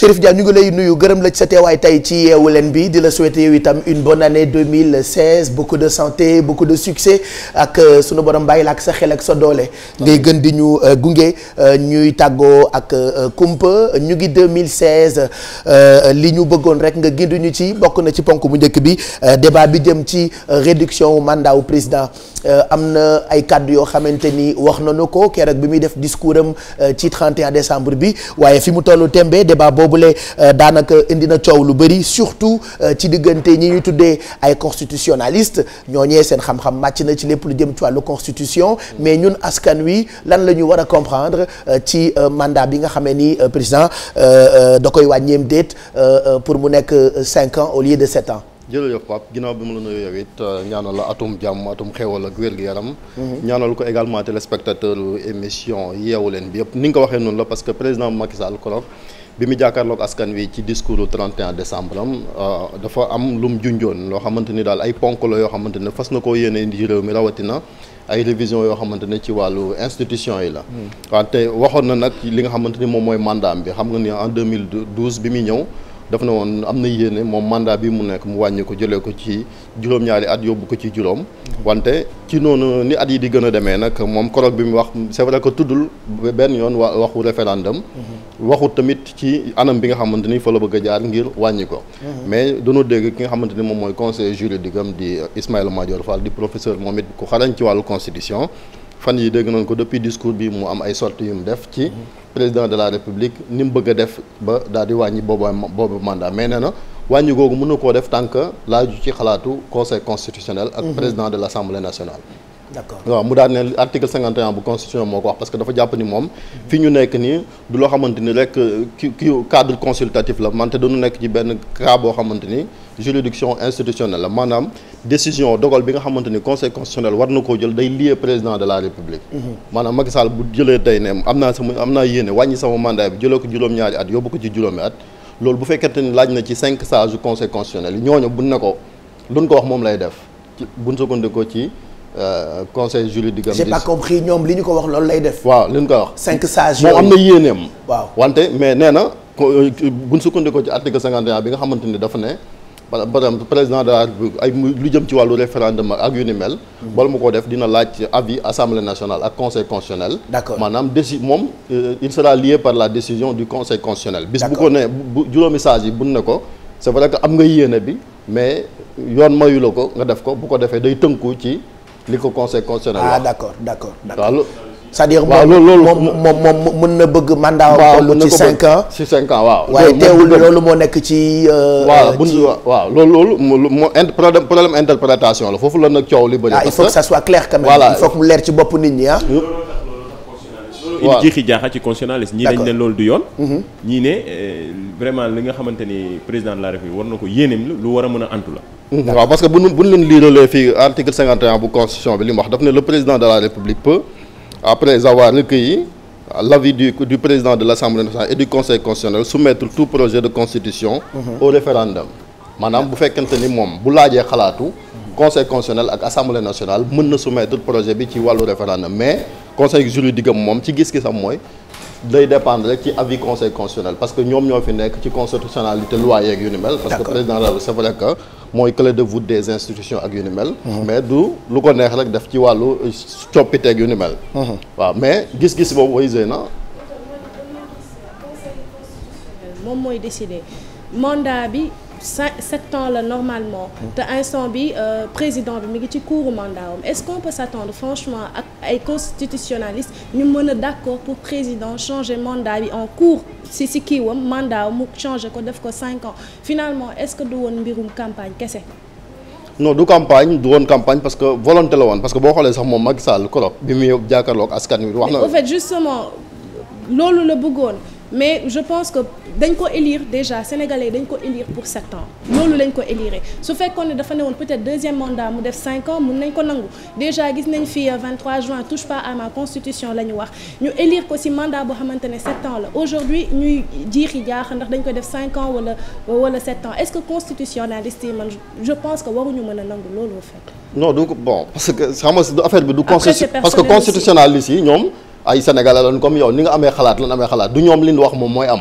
Chérif Dia ñu ngi lay nuyu gërëm la sa teewaay tey ci yeewu leen bi di la souhaiter yow itam une bonne année 2016 beaucoup de santé beaucoup de succès ak euh, sunu borom bàyyi la ak sa xel ak sa doole. ngay gën di ñu euh, gunge euh, ñuy tàggoo ak kumpa ñu ngi 2016 li ñu bëggoon rek nga gindu ñu ci bokk na ci ponk bu njëkk bi débat bi jëm ci réduction mandat président am na ay kàddu yoo xamante ni wax nañu ko keroog bi muy def discours am ci 31 décembre bi waaye fi mu tollu t boobule euh, daanaka indi na coow lu bëri surtout euh, ci diggante ñi ñu tuddee ay ñoo ñooñee seen xam-xam màcc na ci lépp lu jëm wàllu constitution mais ñun askan wi lan la ñu war a comprendre euh, ci mandat bi nga xamee ni président da koy wàññeem déet pour mu nekk cinq ans au lieu de sept ans jërëjëf Pape ginnaaw bi mu la nuyoo yow it ñaanal la atum jàmm atum xéwal ak wér-gu-yaram mhm. ñaanal ko également téléspectateur émission yeewu leen bi yëpp ni nga ko waxee noonu la parce que président Macky Sall bi mu jàkkaarloog askan wi ci discours 31 décembre am euh, dafa am lum junjoon loo xamante ni daal ay ponk la yoo xamante ne fas na ko yéene indi réew mi rawatina ay révision yoo xamante ne ci wàllu institution yi la. Hmm. wante waxoon na nag li nga xamante ni moom mooy mandat bi xam nga ni en 2012 bi muy ñëw. daf na woon am na yéene moom mandat bi mu nekk mu wàññi ko jëlee ko ci juróom-ñaari at yóbbu ko ci juróom wante ci noonu ni at yi di gën a demee nag moom koroog bi mu wax c'est vrai que tuddul benn yoon wa waxu référendum waxut tamit ci anam bi nga xamante ni fa la bëgg a jaar ngir wàññi ko mais dañoo dégg ki nga xamante ni moom mooy conseiller juridique am di Ismaïla Madior Fall di professeur moom it ku xarañ ci wàllu constitution fan yi dégg nañ ko depuis discours bi mu am ay sorties yu mu def ci président de la république ni mu bëgg a def ba daal di wàññi booba boobu mandat mais nee na wàññi googu mën na koo def tant que laaju ci xalaatu conseil constitutionnel ak mhm. président de l' assemblée nationale d'accord waaw mu daal ne article 51 bu constitution moo ko wax parce que dafa jàpp ni moom fi ñu nekk nii du loo xamante ni rek ki ki cadre consultatif la man te dañu nekk ci benn cas boo xamante ni juridiction institutionnelle la maanaam décision dogal bi nga xamante ni conseil constitutionnel war na koo jël day lié président de la république mhm. maanaam Macky Sall bu jëlee tey ne am naa sama am naa yéene wàññi sama mandat bi jëlee ko juróom-ñaari at yóbbu ko ci juróomi at loolu bu fekkente ni laaj na ci cinq sages du conseil constitutionnel yi ñooñu buñ ne ko luñ ko wax moom lay def buñ sukkandikoo Euh, conseil juridique di j'ai pas compris ñoom li ñu ko wax loolu lay def. waaw li ñu ko wax. cinq sages yooyu am na yéeneem. waaw wante mais nee na buñ sukkandiku ci article cinquante bi nga xamante ni dafa ne. par président de la République ay lu jëm ci wàllu référendum ak yu ni mel. Hmm. bala def dina laaj avis assemblée nationale ak conseil constitutionnel. d'accord maanaam déci moom euh, il sera lié par la décision du conseil constitutionnel. bis bu ko nee bu juróomi sages yi bun na ko. c'est vrai que am nga yéene bi mais yoon mayu ko nga def ko bu ko defee day tënku ci. li ko conseil constitutionnel ah d' accord d' accord d' accord cest à moom moom moom mën na bëgg mandat am ci cinq ans ci cinq ans waaw waaye teewul loolu moo nekk ci euh, waaw bu waaw loolu loolu moo problème problème interprétation la foofu la nag coow li bëri ah, il faut que ça soit clair quand même il faut que mu leer ci bopp nit ñi ah. indi jiixi jaaxa ci constitutionnaliste ñii dañ ne loolu du yoon mhm. ñii ne euh, vraiment li nga xamante ni président de la république war na ko yéeneem lu war a mën a antu la mhm. waaw parce que bu buñu leen liiralee fii article bu constitution bi li mu wax daf ne le président de la république peut après avoir recueilli l'avis du président de l'assemblée nationale et du conseil constitutionnel soumettre tout projet de constitution mhm. au référendum maanaam bu fekkente ni moom bu laajee xalaatu conseil ak assemblée nationale mën na soumettre projet bi ci wàllu référendum mais conseil juridique am moom ci gis-gisam mooy day dépendre rek ci avis conseil constitutionnel parce que ñoom ñoo fi nekk ci constitutionnalité loi yeeg yu ni mel. parce que président la c'est vrai que mooy clé de voûte des institutions ak yu ni mel. Mhm. mais du lu ko neex rek def ci wàllu coppiteeg yu ni mel. Mhm. waaw mais gis-gis boobu way zëy moom mooy décider mandat bi. sept ans la normalement mm. te instant bi euh, président bi mu ngi ci couru mandat am est-ce qu'on peut s'attendre franchement ak ay constitutionnalistes ñu mën a d'accord pour président changer mandat bi en cours si si kiiwam mandat am mu changer ko def ko cinq ans finalement est-ce que du woon mbirum campagne kese non du campagne du woon campagne parce que volonté la woon parce que boo xoolee sax moom Macky Sall korop mu muy jàkkaarloog askan wi wax na en fait justement loolu la bëggoon mais je pense que dañ ko élire déjà sénégalais dañ ko élire pour sept ans loolu lañ ko élire su fekkoon ne dafa ne woon peut-être deuxième mandat mu def cinq ans mun nañ ko nangu déjà gis nañ fi 23 euh, juin touche pas à constitution la ñu wax ñu élire ko ci mandat boo xamante ne sept ans la aujourd'hui ñuy jiixi jaax ndax dañ ko def cinq ans wala wala sept ans est-ce que constitutionnaliste yi man je pense que waruñu mën a nangu loolu en fait. non du bon parce que xam nga affaire ñoom. ay sénégalais lañ comme yow ni nga amee xalaat lan amee xalaat du ñoom li ñu wax moom mooy am.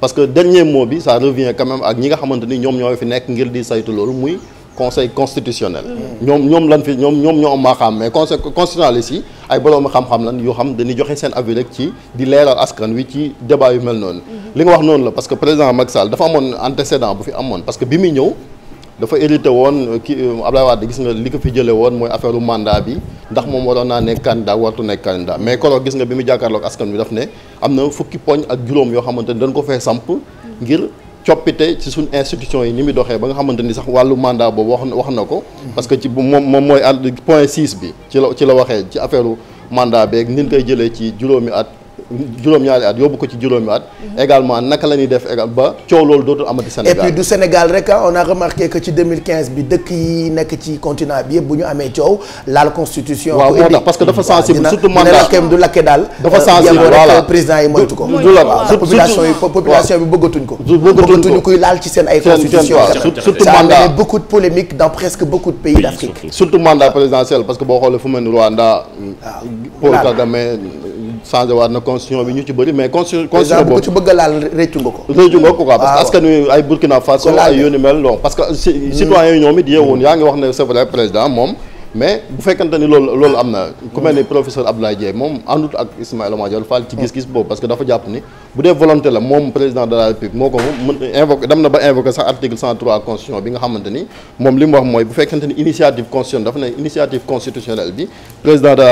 parce que dernier mot bi ça revient quand ak ñi nga xamante ni ñoom ñoo fi nekk ngir di saytu loolu muy conseil constitutionnel. ñoom ñoom lan fi ñoom ñoom ñoo am maa xam mais conseil constitutionnaliste yi ay boroomi xam-xam lan yoo xam dañuy joxe seen avis rek ci di leeral askan wi ci débat yu mel noonu. li nga wax noonu la parce que président Macky Sall dafa amoon antécédent bu fi amoon parce bi muy ñëw. dafa hérité woon euh, ki euh, Abdoulaye Wade gis nga li ko fi jële woon mooy affaire mandat bi ndax moom waroon naa nekk candidat wartu nekk candidat mais koroog gis nga bi mu jàkkaarloog askan bi daf ne am na fukki poñ ak juróom yoo xamante ni dañ ko fee samp ngir coppite ci suñ institution yi ni muy doxee ba nga xamante ni sax wàllu mandat boobu wax wax na ko parce que ci moom moom mooy ah, point six bi ci la ci la waxee ci affaire mandat beeg nin koy jëlee ci juróomi at juróom-ñaari at yóbbu ko ci juróomi at. Mhm. également naka la ñuy def ba coow loolu dootul amati Sénégal. et puis du Sénégal rek ah, on a remarqué que ci bi dëkk yi nekk ci continent bi yëpp bu ñu amee coow laal constitution. waaw moo tax parce que dafa sensible surtout mandat du lakke daal. dafa euh, sensible voilà président yi moytu ko. du la population surtout mandat beaucoup de polémique dans presque beaucoup de pays d'Afrique. surtout mandat présidentiel parce que boo xoolee fu mel ni Rwanda. waaw Paul Kagame changé waat na constitution bi ñu ci bëri mais. constitution constitution ko ci bëgg a laal réccu nga ko. réccu nga ko quoi parce que ah, askan wi ay Burkina Faso. ay yoonu mel non parce que. Hmm. citoyen yi ñoom it yeewoon yaa ngi wax ne c'est président moom. mais bu fekkante ni loolu am na ku mel ni hmm. professeur Abdoulaye Dieye moom àndut ak Ismaïla Madior Fall ci hmm. gis-gis boobu parce que dafa jàpp ni bu dee volonté la moom président de la République moo ko mën invoqué dem na ba invoqué ni moom li mu wax mooy bu fekkante ni initiative constitutionnelle dafa ne initiative constitutionnelle bi président de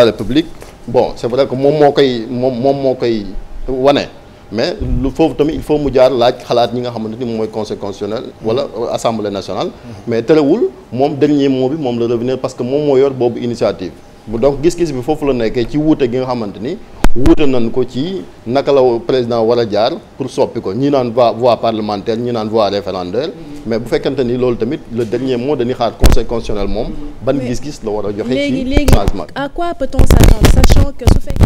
bon c'est vrai que moom moo koy moom moom moo koy wane mais lu foofu tamit il faut mu jaar laaj xalaat ñi nga xamante ni moom mooy conseil constitutionnel wala assemblée nationale. mais terewul moom dernier mot bi moom la revenir parce que moom moo yor boobu initiative. donc gis-gis bi foofu la nekkee ci wuute gi nga xamante ni wuute nañ ko ci naka la président war a jaar pour soppi ko ñi naan voie voie parlementaire ñi naan voie référendaire. mais bu fekkante ni loolu tamit le dernier mot dañuy xaar conseil constitutionnel moom ban gis-gis la war a joxe. léegi léegi à quoi peut-on s'attendre sachant que su fekkee.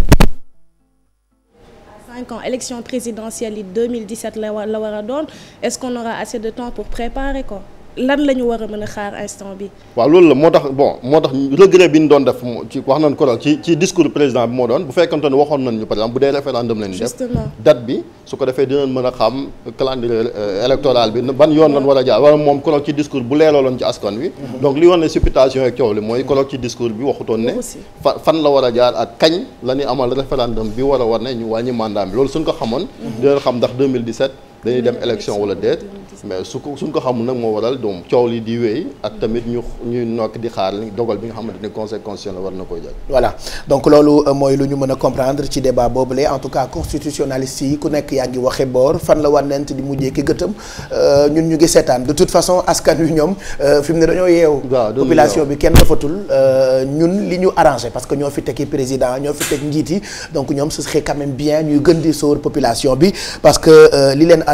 cinq ans élection présidentielle yi 2017 la war la war a doon est-ce qu'on aura assez de temps pour préparer ko. lan la ñu war a mën a xaar instant bi waaw loolu la moo tax bon moo tax regret bi ñu doon def ci wax nañ ko daal ci ci discours bi moo doon bu fekkante ne waxoon nañ ñu par exemple bi a xam calendrier euh, yoon lañ war a jaar wala moom koroog ci discours bu leerooloon ci askan wi mhm. donc li woon ne supputation ak coow li mooy koroog ci discours bi waxutoon ne fan la war a jaar ak kañ la amal référendum bi war a war ne ñu wàññi mandat bi loolu suñ ko xamoon mhm. dinañ xam ndax dañuy dem élection wala déet mais su ko suñ ko xamul nag moo waral doom coow li di wéy ak tamit ñuy nokk di xaar dogal bi nga xamante ni conseil constitutionnel na koy jël. voilà loolu euh, mooy lu ñu mën a comprendre ci débat boobule en tout cas constitutionnaliste yi ku nekk yaa ngi waxe boor fan la wànnent di mujjee ki gëtëm euh, ñun ñu ngi seetaan de toute façon askan wi ñoom euh, fi mu ne dañoo yeewu. population bi kenn dafatul ñun li ñu arrangé parce que ñoo fi tekki président ñoo fi teg njiit yi donc ñoom ce serait quand même bien ñuy gën di sóor bi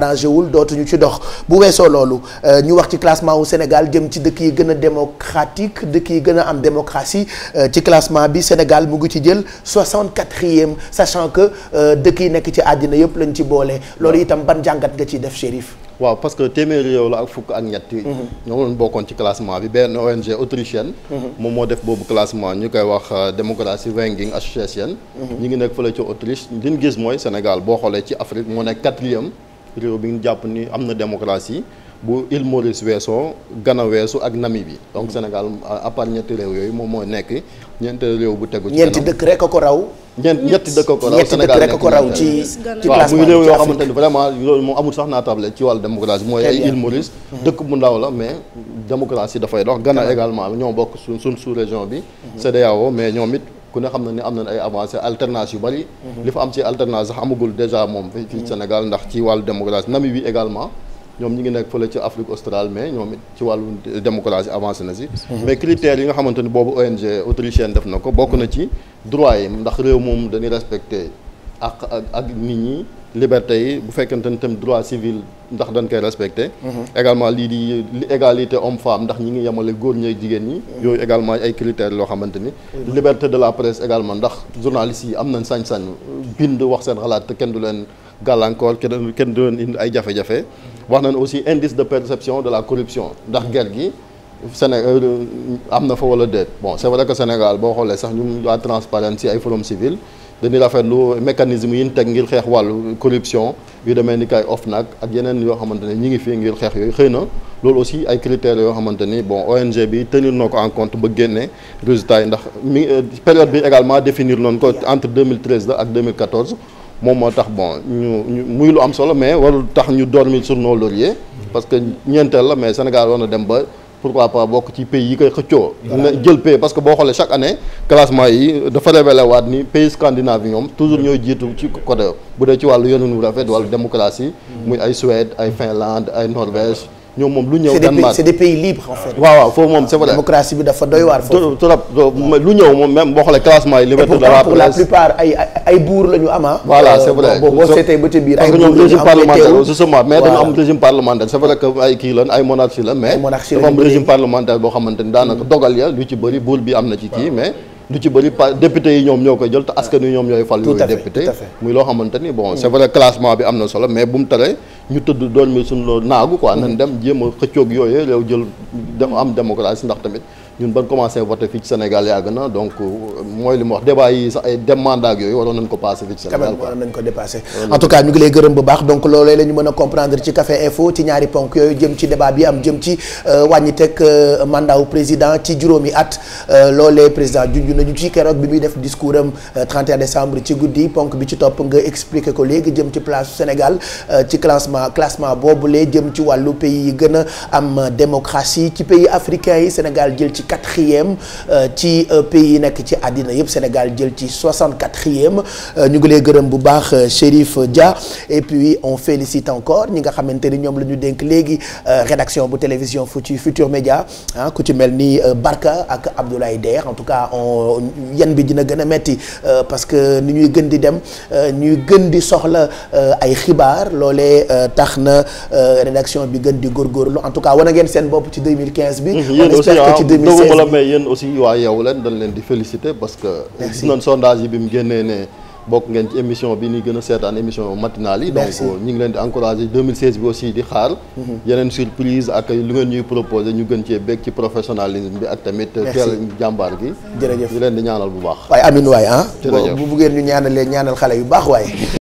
arrangé wul dootuñu ci dox bu weesoo loolu euh, ñu wax ci classement wu Sénégal jëm ci dëkk yi gën a démocratique dëkk yi gën a am démocratie euh, ci classement bi Sénégal mu ngi ci jël 64e sachant que euh, dëkk yi nekk ci àddina yëpp lañ ci boole loolu itam ban jàngat nga ciy def Chérif. waaw parce que téeméeri réew la ak fukk ak ñett yi mhm. ñoo doon bokkoon ci classement bi benn ONG autrichienne mhm. moom moo def boobu classement ñu koy wax démocratie Wenging Association mhm. ñu ngi nekk fële ci Autriche liñ gis mooy Sénégal boo xoolee ci Afrique moo nekk quatrième réew bi ñu jàpp ni am na démocratie bu Île Maurice weesoo Ghana weesu ak nami Namibie donc Sénégal à part ñetti réew yooyu moom moo nekk ñeenti réew bu tegu ci ñeenti dëkk rek a ko raw ñeent ñetti dëkk ko raw Sénégal ci ci waaw muy réew yoo xamante vraiment loolu moom amul sax naa table ci wàll démocratie mooy ay Île Maurice hmm. dëkk bu ndaw la mais démocratie dafay dox Ghana également ñoo bokk suñ su sous région bi hmm. CEDEAO mais ñoom it ku ne xam na ni am nañ ay avancé alternance yu bëri mhm. li fa am si alternance sax amagul déjà moom fii mhm. Sénégal ndax ci wàllu démocratie Namibie également ñoom ñi ngi nekk fële ci Afrique australe mais ñoom ci wàllu démocratie avancé na si mhm. mais critères yi nga xamante ni boobu ONG autrichienne def na ko bokk na ci droit yi ndax réew moom dañuy respecté ak ak ak nit ñi liberté yi bu fekkente ni tam droit civil ndax dañ koy respecté mhm. également lii di égalité homme femme ndax ñi ngi yemale góor ñeeg jigéen ñi mhm. yooyu également ay critères loo xamante ni liberté de la presse également ndax journalistes yi am nañ sañ-sañ bind wax seen xalaat te kenn du leen gàllankoor kenn kenn du leen indi ay jafe-jafe mhm. wax nañ aussi indice de perception de la corruption ndax ger gi Sénégal euh, am na fa wala déet bon c'est vrai que Sénégal boo xoolee sax ñu waa transparence ay forum civil dañuy rafetlu mécanisme yi ñu teg ngir xeex wàllu corruption yu demee ni kay OFNAC ak yeneen yoo xamante ne ñi ngi fii ngir xeex yooyu xëy na loolu aussi ay critères yoo xamante ni bon ONG bi tenir na ko en compte ba génne résultats yi ndax euh, période bi également définir noonu ko entre 2013 la ak 2014 moom moo tax bon ñu muy lu am solo mais warul tax ñu dormir sur nos lauriers parce que ñeenteel la mais Sénégal war na dem ba pourquoi pas bokk ci pays yi koy xëccoo. na jël pays parce que boo xoolee chaque année classement yi dafa révélé waat ni pays scandinave yi ñoom toujours ñooy jiitu ci côté bu dee ci wàllu yoonu wu rafet wàllu démocratie. muy ay Suède ay Finlande ay Norvège. ñoom moom lu ñëw. Danemark c'est des pays libres en fait. waaw waaw foofu moom c'est vrai démocratie bi dafa doy waar. foofu trop lu ñëw moom même boo xoolee classement yi. liberté de la presse pour la plupart ay ay buur la ñu am ah. voilà c'est vrai euh, boo boo seetee ba ca biir. ay buur la ñu am régime parlementaire justement mais dañu am régime parlementaire c'est vrai que ay kii lan ay monarchie la mais. monarchie dafa am régime parlementaire boo xamante ni daanaka mm. dogal ya lu ci bëri buur bi am na ci kii mais. lu ci bëri pa député yi ñoom ñoo koy jël te askan wi ñoom ñooy fal yooyu député muy loo xamante ni bon c'est mm. vrai classement bi am na solo mais bu mu tere ñu tëdd doon mi suñu loo naagu quoi mm-hmm. nañ dem jéem a xëccoog yooyu yow jël am démocratie ndax tamit ñun ban commencé voté fii ci Sénégal yàgg na donc mooy li wax débat dem mandat yooyu waroon nañ ko passé fii Sénégal ko dépassé jëm ci bi am jëm ci euh, wàññi teg euh, mandat euh, keroog bi muy def discours am 31 décembre ci guddi ponk bi ci topp nga expliqué ko léegi jëm ci place Sénégal ci classement classement boobulee jëm ci wàllu pays yi gën a am démocratie ci pays africains yi Sénégal jël ci quatrième euh, ci euh, pays yi nekk ci àddina yëpp Sénégal jël ci soixante quatrième euh, ñu ngi lay gërëm bu baax Chérif Dia et puis on félicite encore ñi nga xamante ni ñoom la ñu dénk léegi rédaction bu télévision fu ci Futur Média ah ku ci mel ni Barka ak Abdoulaye Der en tout cas on yan bi dina gën a metti parce que ni ñuy gën di dem ñuy gën di soxla ay xibaar loolee tax na rédaction bi gën di góorgóorlu en tout cas wane ngeen seen bopp ci 2015 bi mmh, on espère que ci waxuma la mais yéen aussi waa yeewu leen leen di féliciter parce que gis nañ sondage yi bi mu génnee ne bokk ngeen bi gën seetaan émission matinale yi donc leen di encourager 2016 bi aussi di xaar mhm. yeneen surprise ak lu ngeen ñuy proposer ñu gën cee bég ci professionnalisme bi ak tamit teel jàmbaar gi ñu leen di ñaanal bu baax waaye amin waay ah bu bu ngeen ñu ñaanalee ñaanal xale yu baax waaye